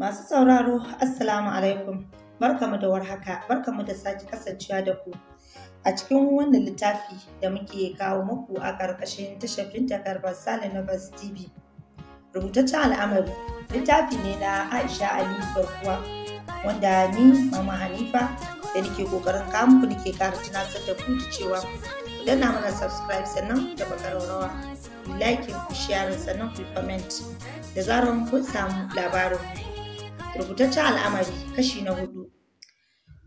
Masu sauraro, Assalamu alaikum. Barkamu da warhaka, barkamu da sake kasancewa da ku. A cikin wannan littafi da muke kawo muku a ƙarƙashin tashar Binta Sale na Bas TV. Rubutaccen al'amari littafi ne na Aisha Ali Barkuwa wanda ni Mama Hanifa da nake ƙoƙarin kawo muku nake ƙara tunatar da ku cewa ku na mana subscribe sannan da bakarawa ku like ku share sannan ku comment da zaran kun samu labarin rubutaccen al'amari kashi na hudu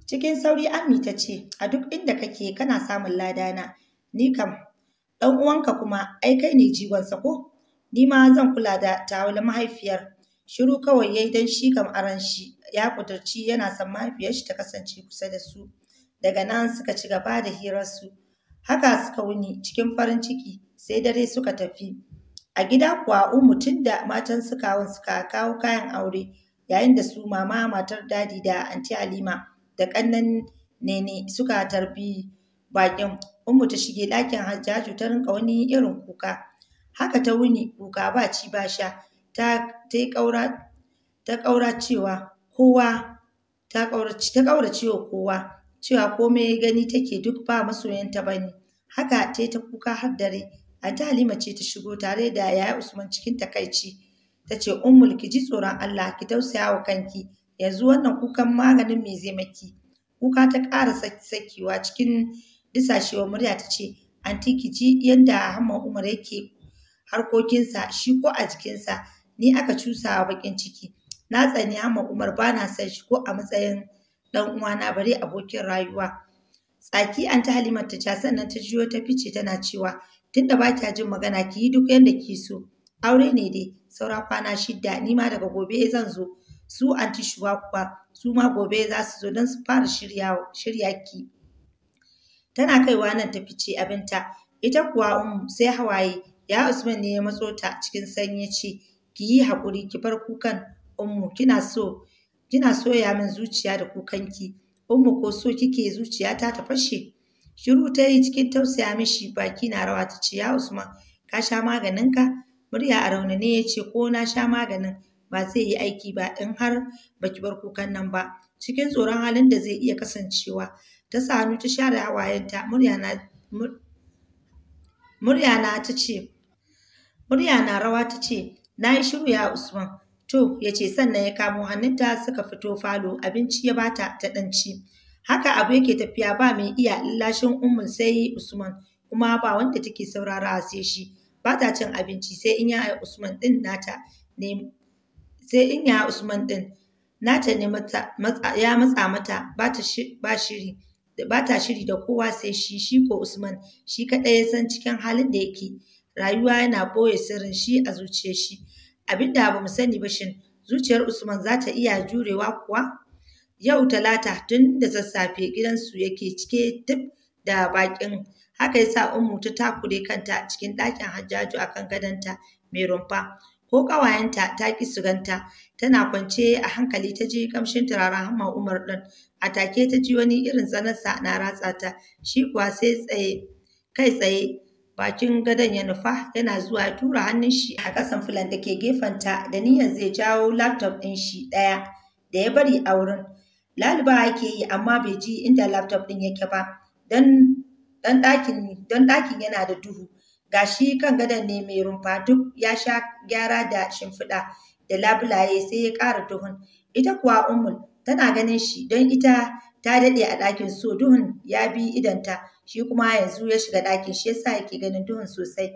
cikin sauri ammi ta ce a duk inda kake kana samun ladana ni kam ɗan uwanka kuma ai kai ne jigonsa ko ni ma zan kula da tawul mahaifiyar shiru kawai yayi dan shi kam aran shi ya kuturci yana son mahaifiyar shi ta kasance kusa da su daga nan suka ci gaba da hirar su haka suka wuni cikin farin ciki sai dare suka tafi a gida kuwa umu tun da matan su kawun suka kawo kayan aure yayin da su mama matar dadi da anti Halima da ƙannen nene suka tarbi bakin Ummu ta shige ɗakin Hajjaju ta rinka wani irin kuka haka ta wuni kuka ba ci ba sha ta ta kaura ta kaura cewa kowa ta kaura ta kaura cewa kowa cewa komai gani take duk ba masoyanta bane haka ta ta kuka har dare anti Halima ce ta shigo tare da yaya Usman cikin takaici ta ce ummul ki ji tsoron Allah ki tausaya wa kanki yanzu wannan kukan maganin me zai maki kuka ta ƙara sakewa cikin disashewar murya ta ce anti ki ji yadda hamman umar yake harkokinsa shi ko a jikinsa ni aka cusawa bakin ciki na tsani hamman umar ba na san shi ko a matsayin dan uwana bare abokin rayuwa tsaki an ta Halima ta ca sannan ta jiyo ta fice tana cewa tunda ba kya jin magana ki yi duk yadda ki so aure ne dai saura kwana shida ni ma daga gobe zan zo su anti shuwa kuwa su ma gobe za su zo don su fara shirya ki tana kaiwa nan ta fice abinta ita kuwa um sai hawaye ya usman ne ya matso ta cikin sanyi ce ki yi haƙuri ki bar kukan Umu, kina so kina soya min zuciya da kukanki ummu ko so kike zuciya ta ta fashe shiru ta yi cikin tausaya mishi baki na rawa ta ce ya usman ka sha maganin ka? murya a ne ya ce ko na sha maganin ba zai yi aiki ba in har baki bar kukan nan ba cikin tsoron halin da zai iya kasancewa ta sa ta share hawayenta murya na ta ce murya na rawa ta ce na yi shiru ya usman to yace sannan ya kamo hannun ta suka fito falo abinci ya bata ta ɗanci haka abu yake tafiya ba mai iya lashin ummul sai usman kuma ba wanda take saurara sai shi ba ta cin abinci sai in ya Usman ɗin nata ne sai in ya Usman ɗin nata ne ya matsa mata ba shiri ba shiri da kowa sai shi shi ko Usman shi kaɗai ya san cikin halin da yake rayuwa yana ɓoye sirrin shi a zuciyar shi abinda ba mu sani ba shin zuciyar Usman za ta iya jurewa kuwa yau talata tun da sassafe gidansu yake cike duk da baƙin. Haka ya sa Ummu ta takure kanta cikin ɗakin Hajjaju akan gadonta mai rumfa. Ko ƙawayenta ta ƙi su ganta, tana kwance a hankali ta ji ƙamshin turaren hamma Umar ɗin. A take ta ji wani irin tsanarsa na ratsa ta, shi kuwa sai tsaye, kai tsaye bakin gadon ya nufa yana zuwa ya tura hannun shi a ƙasan filan da ke gefenta da niyyar zai jawo laptop ɗin shi ɗaya da ya bari a wurin. Laliba yake yi amma bai ji inda laptop ɗin yake ba don dan ɗakin don ɗakin yana da duhu ga shi kan gadon ne mai rumfa duk ya sha gyara da shimfiɗa da labulaye sai ya ƙara duhun ita kuwa umul tana ganin shi don ita ta daɗe a ɗakin so duhun ya bi idonta, shi kuma yanzu ya shiga ɗakin shi yasa yake ganin duhun sosai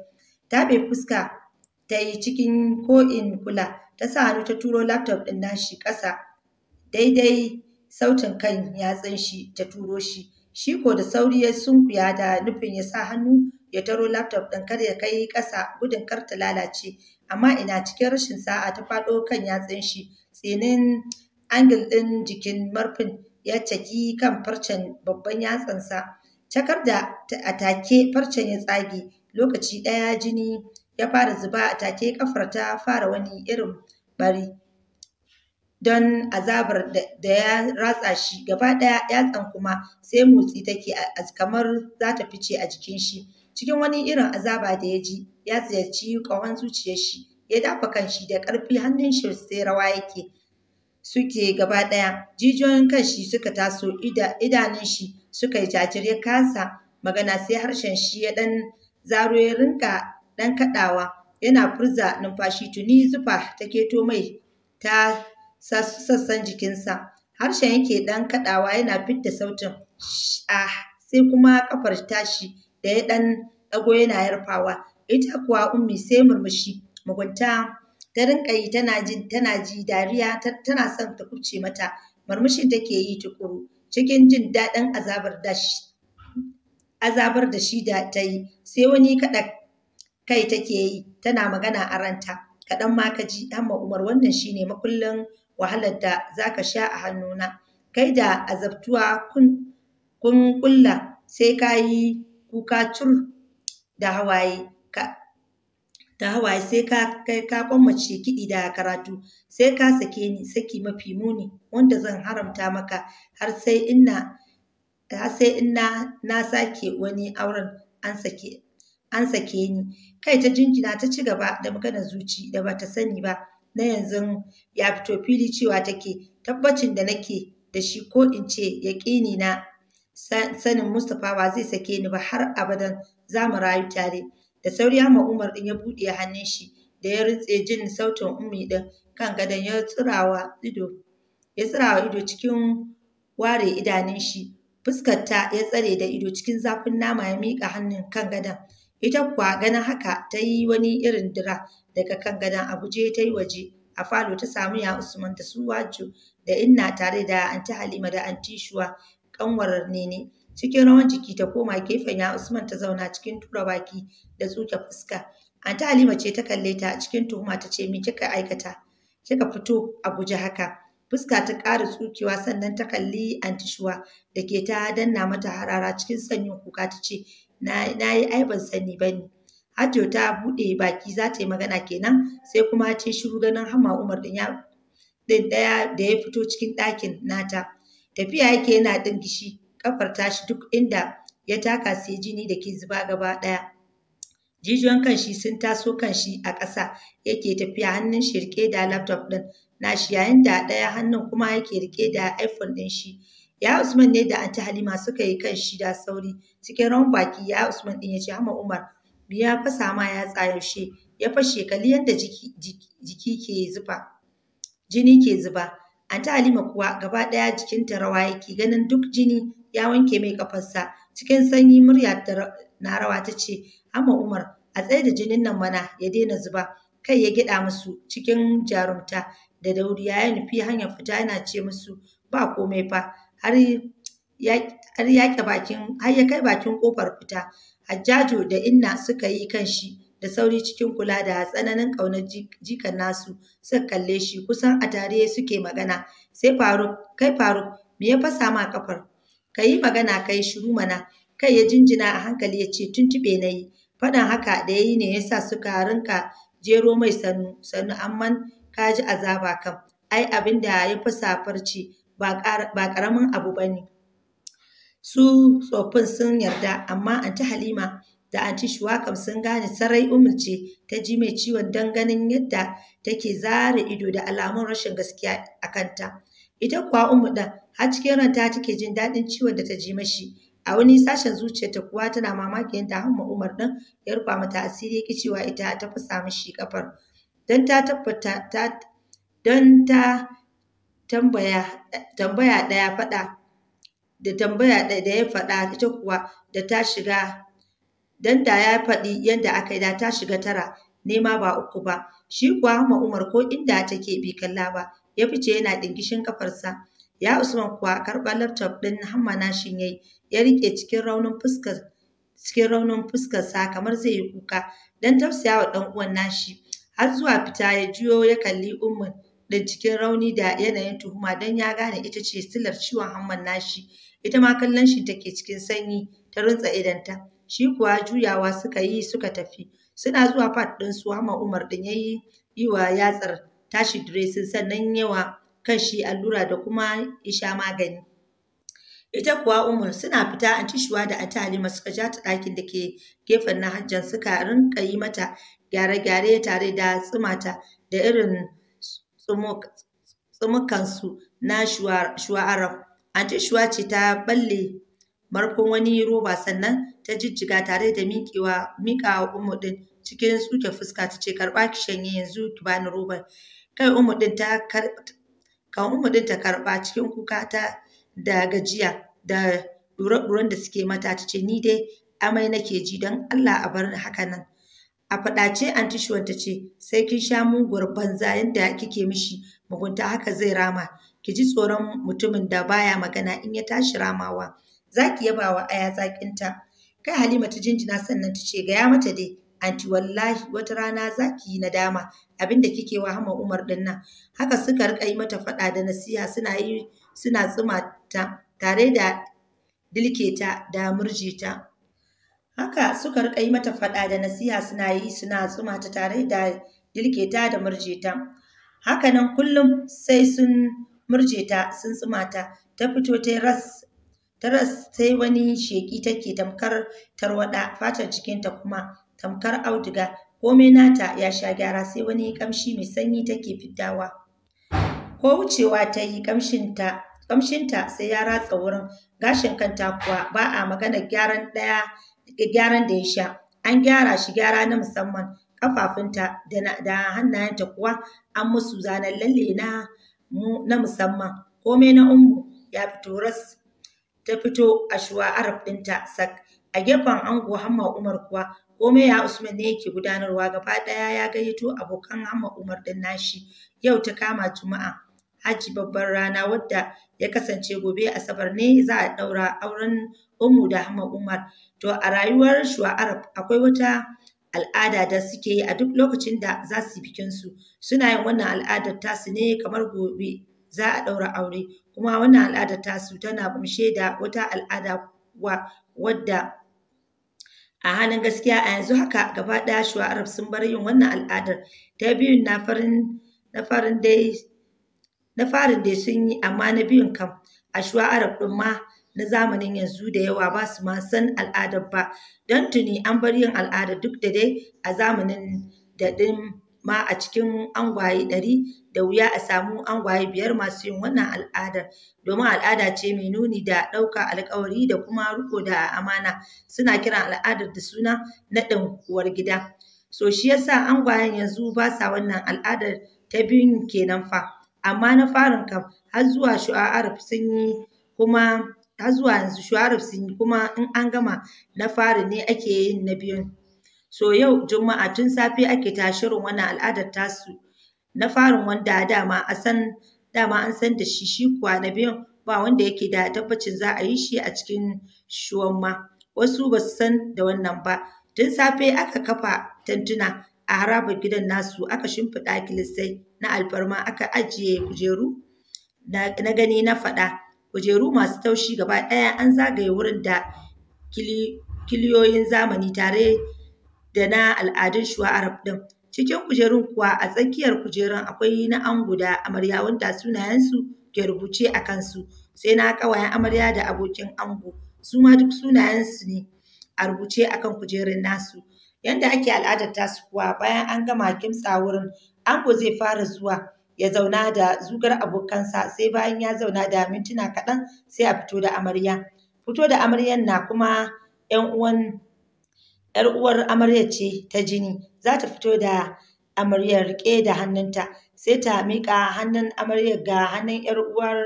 ta bai fuska ta yi cikin ko'in kula ta sa hannu ta turo laptop ɗin nashi ƙasa daidai sautin kan yatsun shi ta turo shi Shi ko da sauri ya sunkuya da nufin ya sa hannu ya taro laptop ɗin kar ya kai ƙasa gudun kar ta lalace. Amma ina cikin rashin sa'a ta faɗo kan yatsun shi tsinin angil ɗin jikin marfin ya caki kan farcen babban yatsansa. Cakar da a take farcen ya tsage lokaci ɗaya jini ya fara zuba a take kafar ta fara wani irin bari. don azabar da ya ratsa shi gaba ɗaya yatsan kuma sai motsi take kamar za ta fice a jikin shi cikin wani irin azaba da ya ji ya ziyarci ƙahon zuciyar shi ya dafa kan shi da ƙarfi hannun shi sai rawa yake suke gaba ɗaya jijiyoyin shi suka taso idanun shi suka yi jajir ya kasa magana sai harshen shi ya ɗan zaro ya rinka ɗan kaɗawa yana furza numfashi tuni zufa ta keto mai ta sassan jikinsa harshen yake ɗan kaɗawa yana fidda sautin ah sai kuma ƙafar tashi da ya ɗan ɗago yana yarfawa ita kuwa ummi sai murmushi mugunta ta rinƙa yi tana ji tana ji dariya tana son ta kuce mata murmushin take yi tukuru cikin jin daɗin azabar da shi azabar da shi da ta yi sai wani kaɗa kai take yi tana magana a ranta kaɗan ma ka ji amma umar wannan shine makullin wahalar da za ka sha a hannuna kai da azabtuwa kun kun kulla sai ka yi kuka cur da hawaye ka da hawaye sai ka kai ka kwamace kiɗi da karatu sai ka sake ni saki mafi muni wanda zan haramta maka har sai ina har sai ina na sake wani auren an sake an sake ni kai ta jinjina ta ci gaba da maganar zuci da bata sani ba na yanzu ya fito fili cewa take tabbacin da nake da shi ko in ce yaƙini na sanin Mustapha ba zai sake ni ba har abadan za mu rayu tare. Da sauri ma Umar ɗin ya buɗe hannun shi da ya rutse jin sautin ummi ɗin kan gadon ya tsirawa ido. Ya tsirawa ido cikin ware idanun shi fuskar ta ya tsare da ido cikin zafin nama ya miƙa hannun kan gadon Ita kuwa ganin haka ta yi wani irin dira daga kan gadon a guje ta yi waje. A falo ta samu ya Usman da su wajo da inna tare da anti Halima da anti Shuwa kanwar Nene. Cikin rawan jiki ta koma gefen ya Usman ta zauna cikin tura baki da tsuke fuska. Anti Halima ce ta kalle ta cikin tuhuma ta ce me kika aikata? Kika fito a guje haka. Fuska ta ƙara tsukewa sannan ta kalli anti Shuwa da ke ta danna mata harara cikin sanyin kuka ta ce na yi ai ban sani ba ne. Hajo ta buɗe baki za ta yi magana kenan sai kuma ce shiru ganin hama Umar ɗin ya ɗin ɗaya da ya fito cikin ɗakin nata. Tafiya yake yana ɗin gishi kafar tashi duk inda ya taka sai jini da ke zuba gaba ɗaya. Jijiyoyin kanshi sun taso kanshi a ƙasa yake tafiya hannun shi riƙe da laptop ɗin nashi yayin da ɗaya hannun kuma yake riƙe da iPhone ɗin shi ya Usman ne da anti Halima suka yi kan shi da sauri cikin rawan baki ya Usman din ya ce hama Umar biya fasa ma ya tsayaushe ya fashe shekali yadda jiki ke zufa jini ke zuba anti Halima kuwa gaba daya jikinta rawa yake ganin duk jini ya wanke mai kafarsa cikin sanyi murya na rawa ta ce hama Umar a tsaye da jinin nan mana ya daina zuba kai ya gida musu cikin jarumta da dauri ya nufi hanyar fita yana ce musu ba komai fa har ya bakin har ya kai bakin ƙofar fita. Hajjaju da Inna suka yi kan shi da sauri cikin kula da tsananin ƙaunar jikan nasu suka kalle shi kusan a tare suke magana sai Faruk kai Faruk me ya fasa ma kafar ka yi magana kai shiru mana kai ya jinjina a hankali ya ce tuntuɓe na yi faɗan haka da ya yi ne ya sa suka rinka jero mai sannu sannu amman ka ji azaba kam ai abin da ya fasa farce ba ƙaramin abu ba ne. Su tsoffin sun yarda amma anti Halima da anti Shuwakam sun gane sarai Umar ce ta ji mai ciwon don ganin yadda take zare ido da alamun rashin gaskiya a kanta. Ita kuwa Umar ɗin har cikin ranta take jin daɗin ciwon da ta ji mashi. A wani sashen zuciyarta kuwa tana mamakin da hamma Umar ɗin ya rufa mata asiri yake cewa ita ta fasa mishi kafar. Don ta tabbata ta don ta tambaya tambaya ɗaya faɗa da tambaya da ya faɗa ita kuwa da ta shiga dan da ya faɗi yadda aka yi da ta shiga tara nema ba uku ba shi kuwa ma Umar ko inda take bi kalla ba ya fice yana ɗingishin kafarsa ya Usman kuwa karɓar laptop ɗin Hamma nashin yayi ya rike cikin raunin fuskar cikin raunin fuskar sa kamar zai yi kuka dan tausaya wa ɗan uwan nashi har zuwa fita ya juyo ya kalli ummin ɗin cikin rauni da yanayin tuhuma don ya gane ita ce silar ciwon hamman nashi ita ma kallon shi take cikin sanyi ta runtsa idanta shi kuwa juyawa suka yi suka tafi suna zuwa fat ɗin su hamma umar ɗin ya yi wa yatsar tashi diresin sannan yawa kan shi allura da kuma isha magani ita kuwa umar suna fita shuwa da anta halima suka ja ta ɗakin da ke gefen na hajjan suka rinka yi mata gyare-gyare tare da tsumata da irin tsumukansu na shuwa'arab. Anti Shuwa ce ta balle markon wani roba sannan ta jijjiga tare da miƙewa miƙawa Umu ɗin cikin tsuke fuska ta ce karɓa ki shanye yanzu ki bani roban. Kai Umu ɗin ta ka Umu ɗin ta karɓa cikin kuka ta da gajiya da ɗure-ɗuren da suke mata ta ce ni dai amai nake ji don Allah a bar haka nan. A faɗace anti Shuwan ta ce, sai kin sha muguwar banza yadda kike mishi mugunta haka zai rama. Ki ji tsoron mutumin da baya magana in ya tashi ramawa. Za ki yaba wa aya zaƙinta. Kai Halima ta jinjina sannan ta ce, gaya mata dai, anti wallahi wata rana za ki yi nadama abinda kike wa hama Umar din nan. Haka suka rika yi mata faɗa da nasiha suna yi suna tsuma ta tare da dilke ta da murje Haka suka riƙa yi mata faɗa da nasiha suna yi suna tsuma ta tare da dilke da murjeta. ta. Hakanan kullum sai sun murjeta sun tsuma ta ta fito ta ras ta ras sai wani sheƙi take tamkar tarwaɗa fatar jikinta kuma tamkar auduga komai nata ya sha gyara sai wani ƙamshi mai sanyi take fitawa Ko wucewa ta yi ƙamshinta ƙamshinta sai ya ratsa wurin gashin kanta kuwa ba a maganar gyaran ɗaya gyaran da ya sha an gyara shi gyara na musamman ƙafafunta da hannayenta kuwa an musu zanen lalle na na musamman komai na ummu ya fito ras ta fito a shuwa arab ɗinta sak a gefen ango hamma umar kuwa komai ya usman ne yake gudanarwa gaba ɗaya ya gayyato abokan hamma umar ɗin nashi yau ta kama juma'a hajji babban rana wadda ya kasance gobe asabar ne za a ɗaura auren Ummu da Ahmad Umar. To a rayuwar shuwa Arab akwai wata al'ada da suke yi a duk lokacin da za su yi bikin su. Suna yin wannan al'adar ta su ne kamar gobe za a ɗaura aure. Kuma wannan al'adar ta su tana ƙunshe da wata al'ada wa wadda a halin gaskiya a yanzu haka gaba ɗaya shuwa Arab sun bar yin wannan al'adar. Ta biyun na farin na farin dai na farin dai sun yi amma na biyun kam a shuwa Arab ɗin ma na zamanin yanzu da yawa ba su ma san al'adar ba don tuni an bar yin al'ada duk da dai a zamanin da ɗin ma a cikin angwaye ɗari da wuya a samu angwaye biyar masu yin wannan al'adar domin al'ada ce mai nuni da ɗauka alkawari da kuma riko da amana suna kiran al'adar da suna naɗin uwar gida so shi yasa angwayen yanzu ba sa wannan al'adar ta biyun kenan fa amma na farin kam har zuwa shu'a'arab sun yi kuma har zuwa yanzu shuwarab sun yi kuma in an gama na fari ne ake yin na biyun so yau juma'a tun safe ake tashirin wannan al'adar tasu na farin wanda dama a san dama an san da shi shi kuwa na biyun ba wanda yake da tabbacin za a yi shi a cikin shuwan ma wasu ba su san da wannan ba tun safe aka kafa tantuna a harabar gidan nasu aka shimfiɗa kilisai na alfarma aka ajiye kujeru na gani na faɗa Kujeru masu taushi gaba ɗaya an zagaye wurin da kiliyoyin zamani tare da na al'adun shuwa-Arab ɗin. Cikin kujerun kuwa, a tsakiyar kujerun akwai na ango da amarya wanda sunayensu ke rubuce a kansu, sai na ƙawayen amarya da abokin ango, su ma duk sunayensu ne a rubuce a kan kujerun nasu. Yanda ake al'adar tasu kuwa, bayan an gama kimtsa wurin, ango zai fara zuwa ya zauna da zugar abokansa sai bayan ya zauna da mintuna kaɗan sai a fito da amarya fito da amaryan na kuma yan uwan yar uwar amarya ce ta jini za ta fito da amaryar riƙe da hannunta sai ta miƙa hannun amaryar ga hannun yar uwar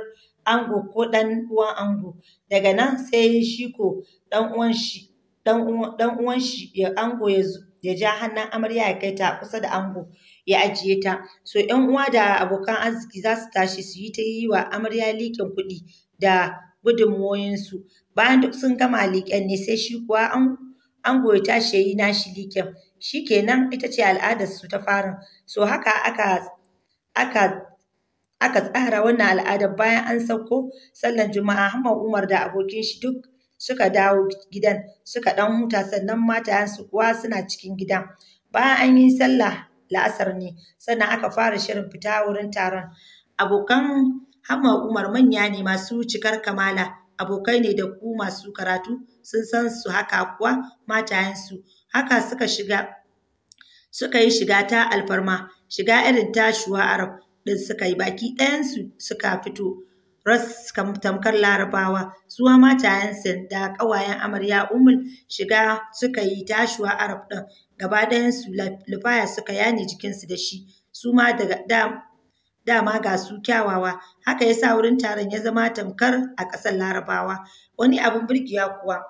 ango ko ɗan uwan ango daga nan sai shi ko ɗan uwan shi uwan shi ya ango ya ja hannun amarya ya kai ta kusa da ango ya ajiye ta so yan uwa da abokan arziki za su tashi su yi ta yi wa amarya liƙin kuɗi da gudunmuwoyinsu bayan duk sun gama liƙen ne sai shi kuwa an goyi tashi ya yi nashi liƙen shi kenan ita ce al'adarsu ta farin so haka aka aka aka tsara wannan al'adar bayan an sauko sallar juma'a Ahmad Umar da abokin shi duk suka dawo gidan suka ɗan huta sannan matayen kuwa suna cikin gidan bayan an yi sallah la'asar ne sannan aka fara shirin fita wurin taron abokan hamma umar manya ne masu cikar kamala abokai ne da ku masu karatu sun san su haka kuwa matayensu haka suka shiga suka yi shiga ta alfarma shiga irin ta shuwa arab din suka yi baki ɗayansu suka fito ras tamkar larabawa suwa matayensu da ƙawayen amarya umul shiga suka yi tashuwa arab ɗin gaba ɗayansu lufaya suka yane jikinsu da shi su ma daga dama ga su kyawawa haka yasa wurin taron ya zama tamkar a ƙasar larabawa wani abin birgiya kuwa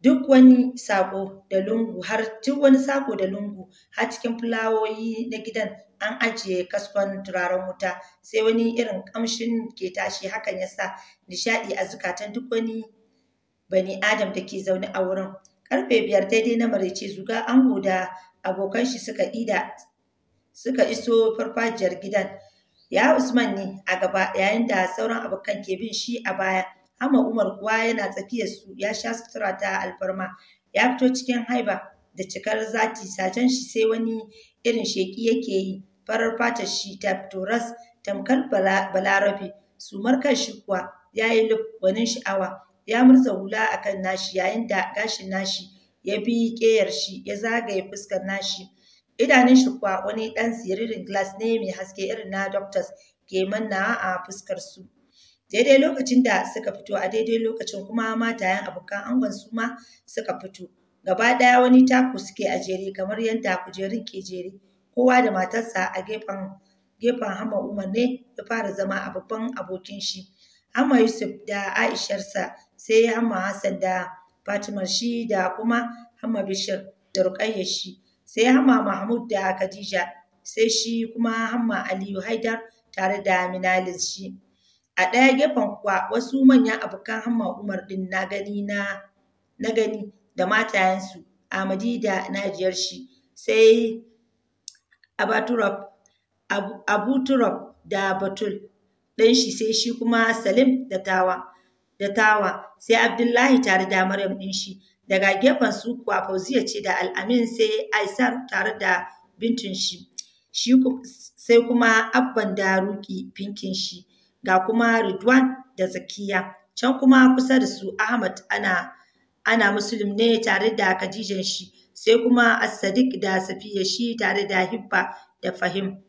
duk wani sako da lungu har duk wani sako da lungu har cikin fulawoyi na gidan an ajiye kaskon turaren wuta sai wani irin kamshin ke tashi hakan yasa sa nishaɗi a zukatan duk wani bani adam da ke zaune a wurin Karfe biyar daidai na maraice zuga ango da abokan shi suka ida suka iso farfajiyar gidan. Ya Usman ne a gaba yayin da sauran abokan ke bin shi a baya. Hama Umar kuwa yana tsakiyar su ya sha sutura ta alfarma. Ya fito cikin haiba da cikar zati sajan shi sai wani irin sheki yake yi. Farar fatar shi ta fito ras tamkar balarabe. Su kan shi kuwa ya yi gwanin sha'awa ya murza hula a kan nashi yayin da gashin nashi ya bi ƙeyar shi ya zagaye fuskar nashi idanun shi kuwa wani ɗan siririn glass ne mai haske irin na doctors ke manna a fuskar su daidai lokacin da suka fito a daidai lokacin kuma matayen abokan angon su ma suka fito gaba ɗaya wani taku suke a jere kamar yadda kujerun ke jere kowa da matarsa a gefen gefen hama umar ne ya fara zama a babban abokin shi Amma Yusuf da Aisharsa sai ya Amma Hassan da fatima shi da kuma hamma Bishir da Ruqayyar shi sai ya Amma Mahmud da Khadija sai shi kuma hamma Aliyu Haidar tare da Minalis shi. A ɗaya gefen kuwa wasu manyan abokan hamma Umar din na gani na na gani da matayensu Amadi da Najiyar shi sai Abu Turab da Batul ɗan shi sai shi kuma Salim da tawa da tawa sai Abdullahi tare da Maryam ɗin shi daga gefen su kuwa Fauziya ce da Al'amin sai Aisar tare da bintun shi shi sai kuma Abban da Ruki pinkin shi ga kuma Ridwan da Zakiya can kuma kusa da su Ahmad ana ana musulmi ne tare da Khadijan shi sai kuma As-Sadiq da Safiya shi tare da Hibba da Fahim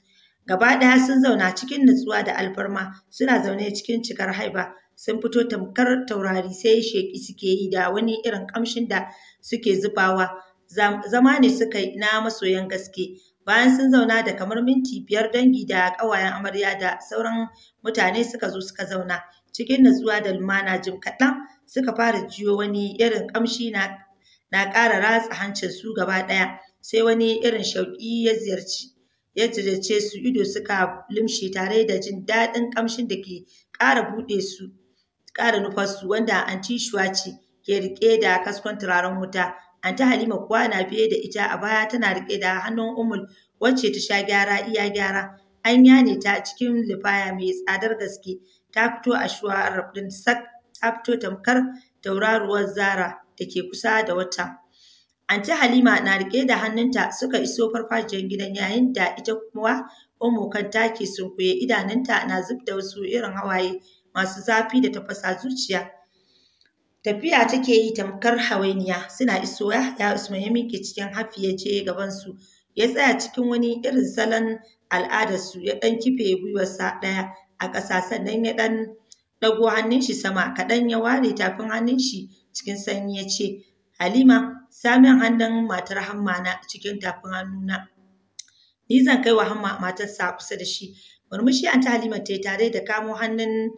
Gaba ɗaya sun zauna cikin nutsuwa da alfarma, suna zaune cikin cikar haiba, sun fito tamkar taurari sai sheki suke yi da wani irin ƙamshin da suke zubawa. Zama ne suka na masoyan gaske. Bayan sun zauna da kamar minti biyar dangi da ƙawayen amarya da sauran mutane suka zo suka zauna. Cikin nutsuwa da lumana jim kaɗan suka fara jiyo wani irin ƙamshi na na ƙara ratsa hancin su gaba ɗaya sai wani irin shauƙi ya ziyarci Yadda da ce su ido suka limshe tare da jin daɗin ƙamshin da ke ƙara buɗe su ƙara nufarsu wanda anti shuwa ce ke riƙe da kaskon turaren wuta anti halima kuwa na biye da ita a baya tana riƙe da hannun umul wacce ta sha gyara iya gyara an yane ta cikin lifaya mai tsadar gaske ta fito a shuwa ɗin sak ta fito tamkar tauraruwar zara da ke kusa da wata Anti Halima na rike da hannunta suka iso farfajiyar gidan yayin da ita kuma Ummu kan take sunkuye idanunta na zub da wasu irin hawaye masu zafi da tafasa zuciya. Tafiya take yi tamkar hawainiya suna isowa ya Usman ya miƙe cikin hafi ya je su? ya tsaya cikin wani irin salon al'adarsu ya ɗan kife gwiwarsa ɗaya a ƙasa sannan ya ɗan ɗago hannun shi sama kaɗan ya ware tafin hannun shi cikin sanyi ya ce Halima samin hannun matar hamma na cikin tafin hannuna ni zan kai wa hamma matarsa kusa da shi murmushi an ta halima ta tare da kamo hannun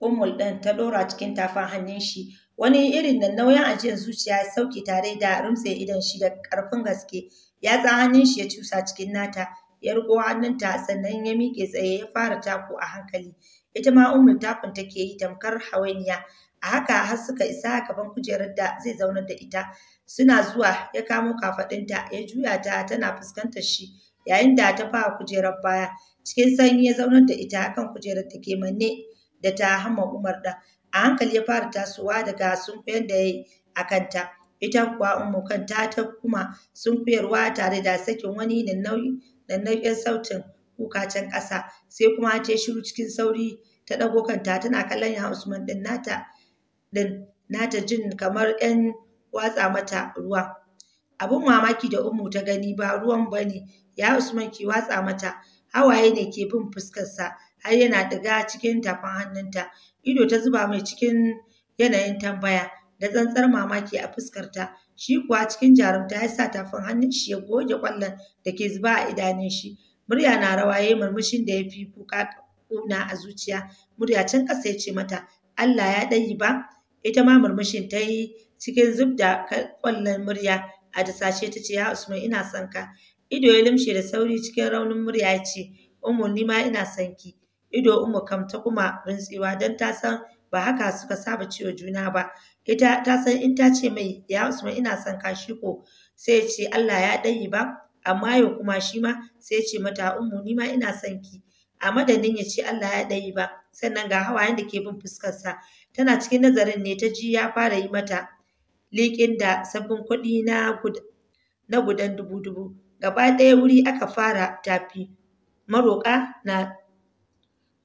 umul ɗin ta ɗora cikin tafin hannun shi wani irin da nauyin ajiyar zuciya ya sauke tare da rumtse idon shi da karfin gaske ya tsa hannun shi ya cusa cikin nata ya riƙo hannunta sannan ya miƙe tsaye ya fara taku a hankali ita ma umul tafin take yi tamkar hawainiya a haka har suka isa gaban kujerar da zai zaunar da ita suna zuwa ya kamo kafadinta ya juya ta tana fuskantar shi yayin da ta fara kujerar baya cikin sanyi ya zaunar da ita kan kujerar da ke manne da ta hama umar da a hankali ya fara tasowa daga sunkuyar da ya yi a kanta ita kuwa umu kanta ta kuma sunkuyarwa tare da sakin wani nau'in sautin kuka can ƙasa sai kuma ta shiru cikin sauri ta ɗago kanta tana kallon ya Usman ɗin nata ɗin nata jin kamar 'yan watsa mata ruwa. Abin mamaki da Ummu ta gani ba ruwan bane. ya Usman ke watsa mata, hawaye ne ke bin fuskarsa har yana ɗiga cikin tafin hannunta. Ido ta zuba mai cikin yanayin tambaya da tsantsar mamaki a fuskarta, shi kuwa cikin jarumta ya sa tafin hannun shi ya goge ƙwallon da ke zuba a idanun shi. Murya na rawa ya murmushin da ya fi kuka ƙuna a zuciya, murya can ƙasa ya ce mata, Allah ya ɗayi ba, ita ma murmushin ta yi cikin zub da kwallon murya a dasashe ta ce ya usman ina son ka ido ya limshe da sauri cikin raunin murya ya ce umu ni ma ina son ki ido umu kam ta kuma rintsewa don ta san ba haka suka saba ciwo juna ba ita ta san in ta ce mai ya usman ina son ka shi ko sai ya ce Allah ya ɗayi ba amma yau kuma shi ma sai ya ce mata umu ni ma ina son ki a madadin ya ce Allah ya ɗayi ba sannan ga hawayen da ke bin fuskarsa Tana cikin nazarin ne ta ji ya fara yi mata liƙin da sabbin kuɗi na gudan dubu-dubu. Gaba ɗaya wuri aka fara tafi. Maroƙa na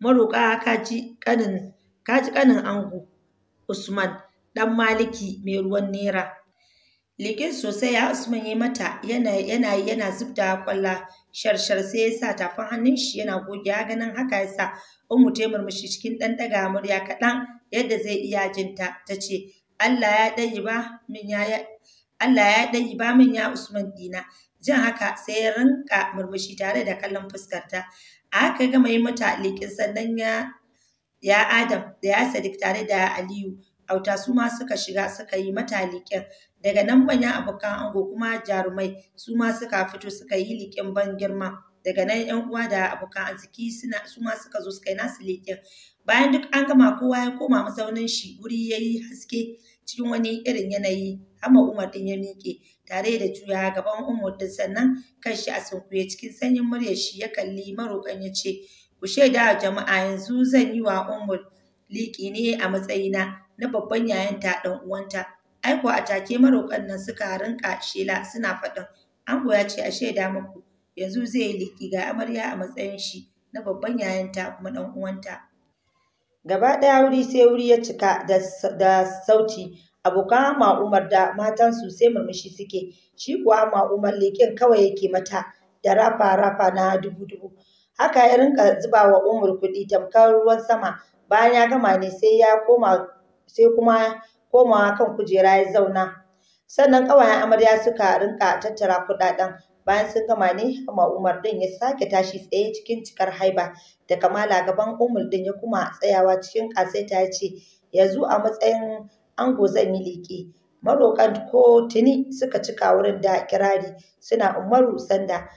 maroƙa ka ji ƙanin ka ji ƙanin ango Usman ɗan Maliki mai ruwan nera. Likin sosai ya Usman ya mata yana yana yana zubda kwalla sharshar sai ya sa tafin hannun shi yana goge ganin haka ya sa Ummu ta murmushi cikin ɗan ɗaga murya kaɗan yadda zai iya jinta ta ce Allah ya ɗayi ba min ya Allah ya ɗayi ba min ya Usman dina jin haka sai ya rinka murmushi tare da kallon fuskarta a haka ya gama yi mata liƙin sannan ya ya Adam da ya Sadiq tare da Aliyu auta su ma suka shiga suka yi mata liƙin daga nan manyan abokan ango kuma jarumai su ma suka fito suka yi liƙin ban girma daga nan yan uwa da abokan arziki suna su ma suka zo suka yi nasu liƙin bayan duk an gama kowa ya koma mazaunin shi wuri ya yi haske cikin wani irin yanayi Hama umar din ya miƙe tare da juya gaban umar din sannan shi a sunkuye cikin sanyin muryar shi ya kalli marokan ya ce ku shaida wa jama'a yanzu zan yi wa umar liƙi ne a matsayina na babban yayanta ɗan uwanta aiko a take marokan nan suka rinka shela suna faɗin ango ya ce a shaida muku yanzu zai yi liƙi ga amarya a matsayin shi na babban yayanta kuma ɗan uwanta gaba ɗaya wuri sai wuri ya cika da sauti abokan amma umar da matansu sai murmushi suke shi kuwa amma umar leƙen kawai yake mata da rafa rafa na dubu dubu haka ya rinka zuba wa umar kuɗi tamkar ruwan sama bayan ya gama ne sai ya koma sai kuma komawa kan kujera ya zauna sannan ƙawayen amarya suka rinka tattara kuɗaɗen bayan sun gama ne amma umar din ya sake tashi tsaye cikin cikar haiba da kamala gaban umar din ya kuma tsayawa cikin kasaita ya ce yanzu a matsayin ango zan yi liƙe. maroƙan ko tuni suka cika wurin da kirari suna umaru sanda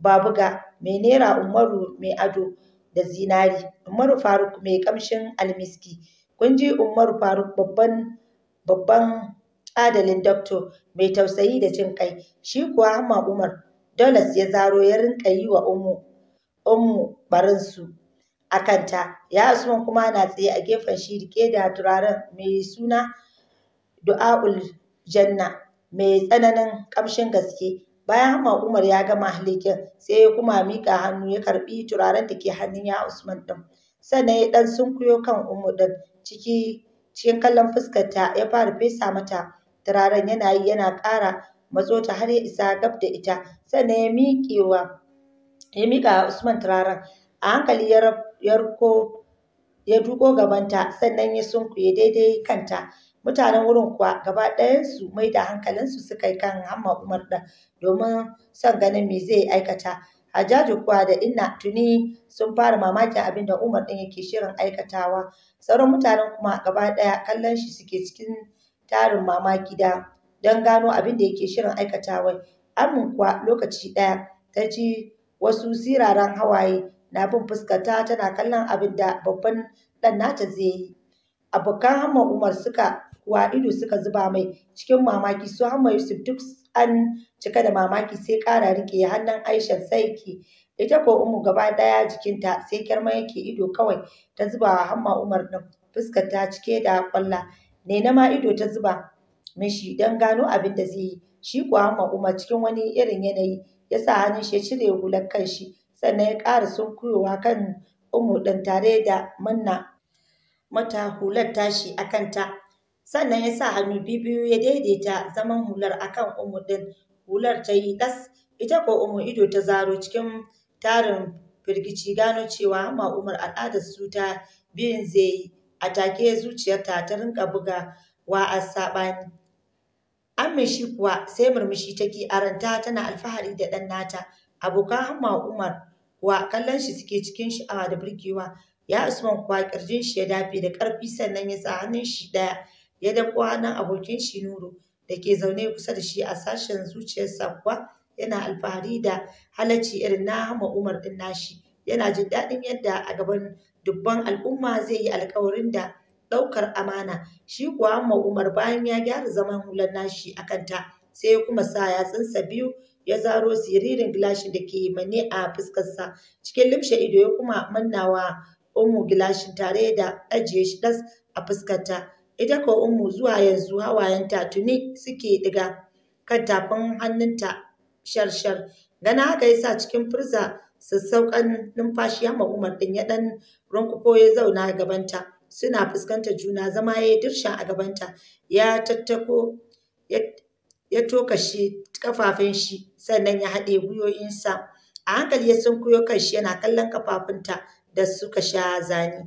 babuga mai nera umaru mai ado da zinari umaru faruk mai kamshin almiski kun ji umaru faruk babban babban adalin dokto mai tausayi da jin kai shi kuwa hamma umar su ya zaro ya rinka yi wa Umu barinsu a kanta ya usman kuma na tsaye a gefen shi rike da turaren mai suna du'a'ul janna mai tsananin ƙamshin gaske bayan hamma umar ya gama leƙen sai ya kuma miƙa hannu ya karɓi turaren da ke hannun ya usman ɗin sannan ya ɗan sunkuyo kan umu ɗin cikin kallon ta ya fara fesa mata turaren yana yi yana ƙara matso ta har ya isa gab da ita sannan ya miƙewa ya miƙa Usman turaren a hankali ya yarko ya duko gabanta sannan ya sunkuye daidai kanta mutanen wurin kuwa gaba ɗayansu mai da hankalinsu suka yi kan hamma umar da, domin son ganin me zai aikata Hajjaju kuwa da Inna tuni sun fara mamakin abin da Umar ɗin yake shirin aikatawa. Sauran mutanen kuma gaba ɗaya kallon shi suke cikin tarin mama gida don gano abin da yake shirin aikatawa. Amin kuwa lokaci ɗaya ta ji wasu siraran hawaye na bin fuskata tana kallon abin da babban ɗan nata zai yi. Abokan Hamma Umar suka kuwa ido suka zuba mai cikin mamaki su Hamma Yusuf duk an cika da mamaki sai ƙara riƙe hannun Aisha saiki ita ko Umu gaba ɗaya jikinta sai kyarma yake ido kawai ta zuba wa Hamma Umar ɗin fuskar cike da ƙwalla Nena ma ido ta zuba mishi don gano abin da zai yi. Shi kuwa Hamma Umar cikin wani irin yanayi ya sa hannun shi ya cire hular kan shi sannan ya ƙara sunkuyowa kan umu ɗin tare da manna mata hular tashi a kanta. Sannan ya sa hannu biyu ya daidaita zaman hular akan umar ɗin. Hular ta yi ɗas ita ko Umar ido ta zaro cikin tarin firgici gano cewa Hamma Umar al'adar su ta biyun zai yi. a take zuciyarta ta rinka bugawa a saɓani Amin shi kuwa sai murmushi take aranta tana alfahari da ɗan nata abokan hamma Umar kuwa kallon shi suke cikin sha'awa da burgewa ya Usman kuwa kirjin shi ya dafe da ƙarfi sannan ya sa hannun shi ɗaya ya dako hannun abokin shi Nuru da ke zaune kusa da shi a sashen zuciyarsa kuwa yana alfahari da halacci irin na hamma Umar ɗin nashi yana jin daɗin yadda a gaban dubban al'umma zai yi alkawarin da ɗaukar amana shi kuwa amma umar bayan ya gyara zaman hular nashi a kanta sai ya kuma sa yatsunsa biyu ya zaro siririn gilashin da ke mane a fuskarsa cikin limshe ido ya kuma mannawa umu gilashin tare da ajiye shi ɗas a fuskarta ita ko umu zuwa yanzu hawayenta tuni suke daga kan tafin hannunta sharshar gana haka yasa cikin furza sassauƙan numfashi yamma Umar ɗin ya ɗan rankufo ya zauna a gabanta suna fuskantar juna zama ya yi dirshan a gabanta ya tattako ya shi kafafen shi sannan ya haɗe gwiwoyinsa a hankali ya sunkuyo shi yana kallon kafafunta da suka sha zane.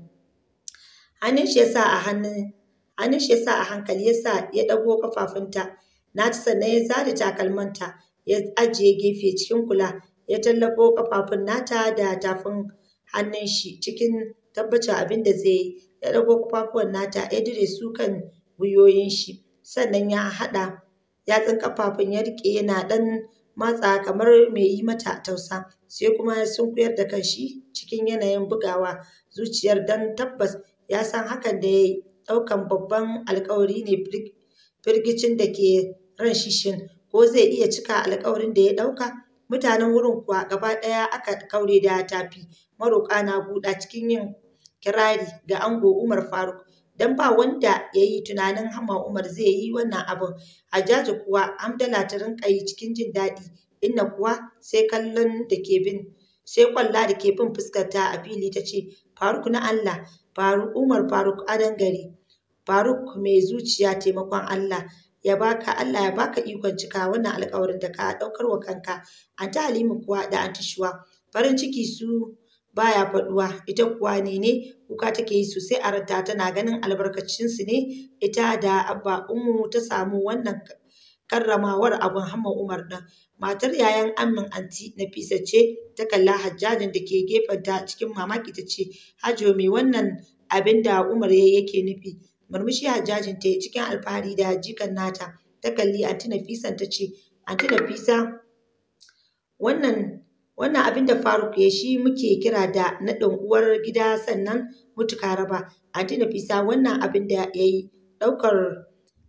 hannun shi sa a hannun hannun shi sa a hankali yasa ya ɗago kafafunta na ci sannan ya zare takalmanta ya ajiye gefe cikin kula ya tallafo kafafun nata da tafin hannun shi cikin tabbacin abin da zai ya ɗago kafafuwan nata ya dire su kan gwiwoyin shi sannan ya haɗa yatsun kafafun ya riƙe yana ɗan matsa kamar mai yi mata tausa sai kuma ya sunkuyar da kanshi cikin yanayin bugawa zuciyar dan tabbas ya san hakan da ya yi ɗaukan babban alkawari ne firgicin da ke ran shishin ko zai iya cika alkawarin da ya ɗauka Mutanen wurin kuwa gaba ɗaya aka kaure da tafi. Maroƙa na buɗa cikin yin kirari ga ango Umar Faruk. Don ba wanda ya yi tunanin Hama Umar zai yi wannan abin. Hajjaju kuwa Hamdala ta rinƙa yi cikin jin daɗi. Inna kuwa sai kallon da ke bin sai kwalla da ke bin fuskarta a fili ta ce Faruk na Allah Umar Faruk adon gari Faruk mai zuciya taimakon Allah ya baka Allah ya baka ikon cika wannan alƙawarin da ka ɗaukar wa kanka anti Halimu kuwa da anti Shuwa farin ciki su baya faduwa ita kuwa ne ne kuka take yi sosai a ranta tana ganin albarkacin su ne ita da abba ummu ta samu wannan karramawar abun hamma umar ɗin matar yayan ammin anti nafisa ce ta kalla hajjajin da ke gefenta cikin mamaki ta ce hajo me wannan abin da umar yayi yake nufi Murmushi Hajjajin ta yi cikin alfahari da jikan nata. Ta kalli Anti Nafisa ta ce, Anti Nafisa, wannan wannan abin da Faruk ya shi muke kira da naɗin uwar gida sannan mutuka raba. Anti Nafisa wannan abin da ya yi ɗaukar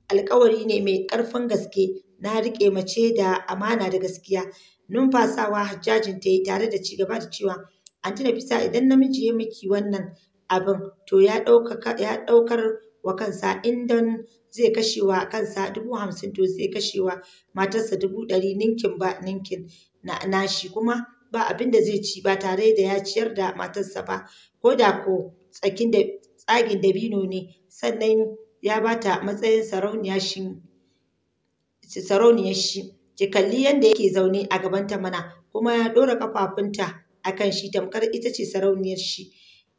alkawari ne mai ƙarfin gaske na riƙe mace da amana da gaskiya. Numfasawa Hajjajin ta yi tare da ci gaba da cewa Anti Nafisa idan namiji ya miki wannan abin to ya ɗaukar wa kansa in don zai kashewa kansa dubu hamsin to zai kashewa matarsa dubu ɗari ninkin ba ninkin na nashi kuma ba abin da zai ci ba tare da ya ciyar da matarsa ba ko da ko tsakin da tsagin dabino ne sannan ya bata matsayin sarauniyarshi sarauniyar shi ki kalli yadda yake zaune a gabanta mana kuma ya ɗora ƙafafunta kan shi tamkar ita ce sarauniyar shi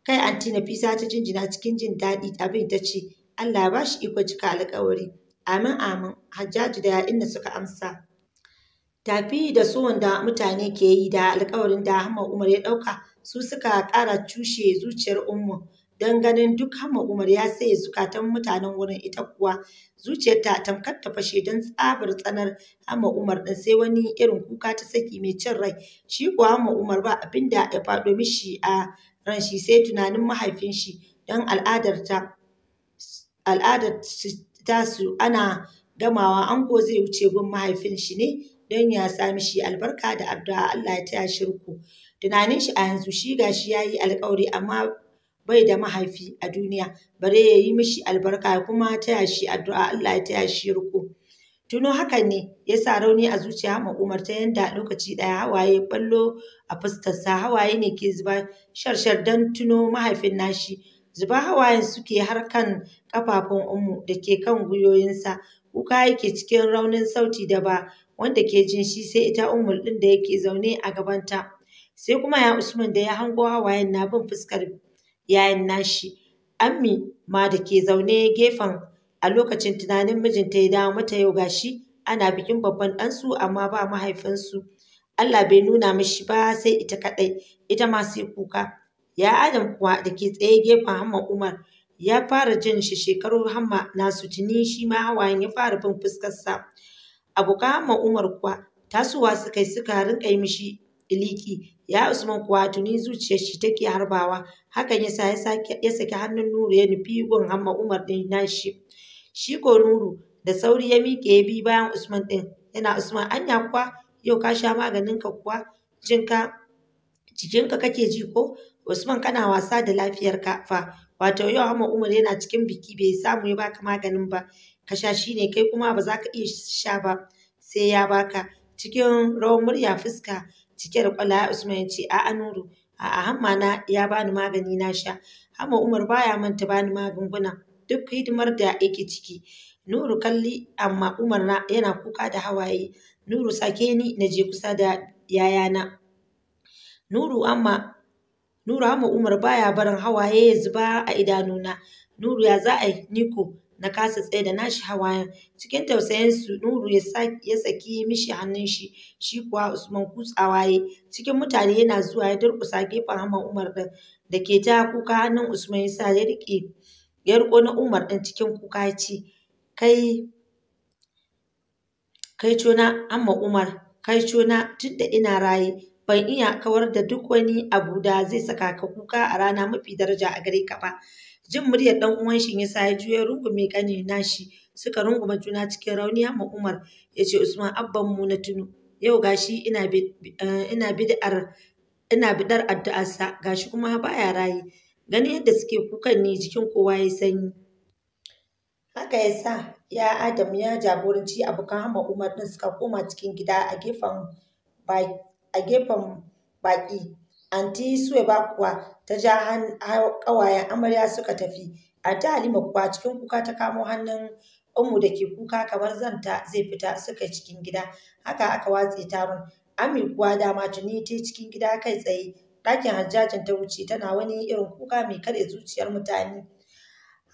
kai anti Nafisa ta jinjina cikin jin daɗi abin ta ce Allah ba shi iko cika alƙawari amin amin Hajjaju da inda suka amsa tafi da su wanda mutane ke yi da alƙawarin da Hamma Umar ya ɗauka su suka ƙara cushe zuciyar Ummu don ganin duk Hamma Umar ya saye zukatan mutanen wurin ita kuwa zuciyar ta tamkar ta fashe don tsabar tsanar Hamma Umar ɗin sai wani irin kuka ta saki mai cin rai shi kuwa Hamma Umar ba abinda ya faɗo mishi a ran shi sai tunanin mahaifin shi don al'adar ta su ana gamawa ango zai wuce gun mahaifin shi ne don ya sa mishi albarka da addu'a Allah ya taya shirku tunanin shi a yanzu shi ga gashi yi alƙawari amma bai da mahaifi a duniya bare ya yi mishi albarka kuma taya shi addu'a Allah ya taya shi riko Tuno hakan ne ya sa rauni a zuciya ma Umar ta yanda lokaci ɗaya hawaye ballo a fuskarsa hawaye ne ke zuba sharshar don tuno mahaifin nashi. Zuba hawayen suke har kan kafafun Umu, da ke kan gwiwoyinsa. Kuka yake cikin raunin sauti da ba wanda ke jin shi sai ita Ummul ɗin da yake zaune a gabanta. Sai kuma ya Usman da ya hango hawayen na bin fuskar yayin nashi. Ammi ma da ke zaune gefen a lokacin tunanin mijinta ya dawo mata yau gashi ana bikin babban ɗansu amma ba mahaifinsu Allah bai nuna mishi ba sai ita kaɗai ita ma sai kuka ya adam kuwa da ke tsaye gefen hamma umar ya fara jin shi shekaru hamma nasu tuni shi ma hawayen ya fara bin fuskarsa abokan hamma umar kuwa tasowa suka yi suka rinka yi mishi iliki ya usman kuwa tuni zuciyar shi take harbawa hakan yasa ya saki hannun nuru ya nufi gun hamma umar din nashi Shi Nuru da sauri ya miƙe ya bi bayan Usman ɗin yana Usman anya kuwa yau ka sha maganinka kuwa jinka jikinka kake ji ko Usman kana wasa da lafiyarka fa wato yau Ahmad Umar yana cikin biki bai samu ya baka maganin ba ka sha shi ne kai kuma ba za ka iya sha ba sai ya baka cikin rawar murya fuska cike da kwalaya Usman ya ce a'a Nuru a'a hamma na ya bani magani na sha Ahmad Umar baya manta bani magunguna duk hidimar da yake ciki. Nuru kalli amma Umar na yana kuka da hawaye. Nuru sake ni na je kusa da yayana. Nuru amma Nuru amma Umar baya barin hawaye ya zuba a idanuna. Nuru ya za a yi ni ko na kasa tsaye da nashi hawayen. Cikin tausayinsu Nuru ya saki mishi hannun shi, shi kuwa Usman kutsawa ya Cikin mutane yana zuwa ya durƙusa gefen Hama Umar ɗin da ke ta kuka hannun Usman ya sa ya riƙe Ya riƙo na Umar ɗin cikin kuka ya ce, kai kai cona amma Umar kai cona tun da ina raye ban iya kawar da duk wani abu da zai saka ka kuka a rana mafi daraja a gare ka ba. Jin muryar ɗan uwan shi yasa ya juya rungume ƙani nashi suka runguma juna cikin rauni amma Umar ya ce Usman abban mu na tuno yau gashi ina eh, ina bid'ar ina bidar addu'arsa gashi kuma baya raye Gani yadda suke kukan ne jikin kowa ya sanyi. Haka ya sa ya Adam ya jagoranci abokan hama Umar ɗin suka koma cikin gida a gefen a gefen baƙi. Anti Suwaiba kuwa ta ja ƙawayen amarya suka tafi. Anti Halima kuwa cikin kuka ta kamo hannun Ummu da ke kuka kamar zanta zai fita suka cikin gida. Haka aka watse taron. Ami kuwa dama tuni ta cikin gida kai tsaye ɗakin hajjajin ta wuce tana wani irin kuka mai karya zuciyar mutane.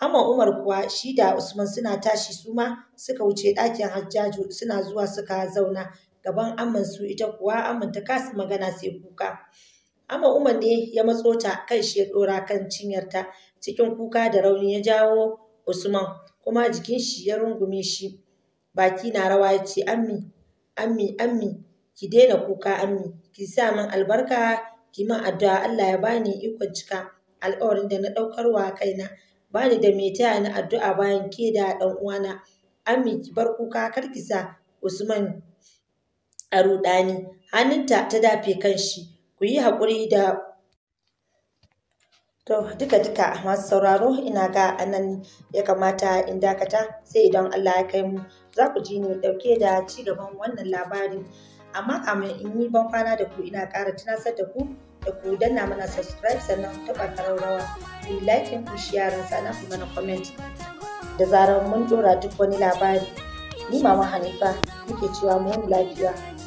Amma Umar kuwa shi da Usman suna tashi suma suka wuce ɗakin hajjaju suna zuwa suka zauna gaban amman su ita kuwa amman ta kasa magana sai kuka. Amma Umar ne ya matso ta kai shi ya ɗora kan cinyarta cikin kuka da rauni ya jawo Usman kuma jikin shi ya rungume shi baki na rawa ya ce ammi ammi ammi ki daina kuka ammi ki sa min albarka ki ma addu'a Allah ya bani ikon cika alƙawarin da na ɗaukarwa kaina. Bani da mai taya ni addu'a bayan ke da ɗan uwana. Ami ki bar kuka kar ki sa Usman a ruɗani. Hannunta ta dafe kan shi. Ku yi haƙuri da To duka-duka masu sauraro ina ga anan ya kamata in dakata sai idan Allah ya kai mu za ku ji ni ɗauke da ci gaban wannan labarin. amma kamin in yi ban kwana da ku ina ƙara tunasar da ku da ku danna mana subscribe sannan ku taɓa ƙararrawa ku yi laifin ku sharing sannan ku mana comment da zarar mun dora duk wani labari ni mama Hanifa muke cewa mu lafiya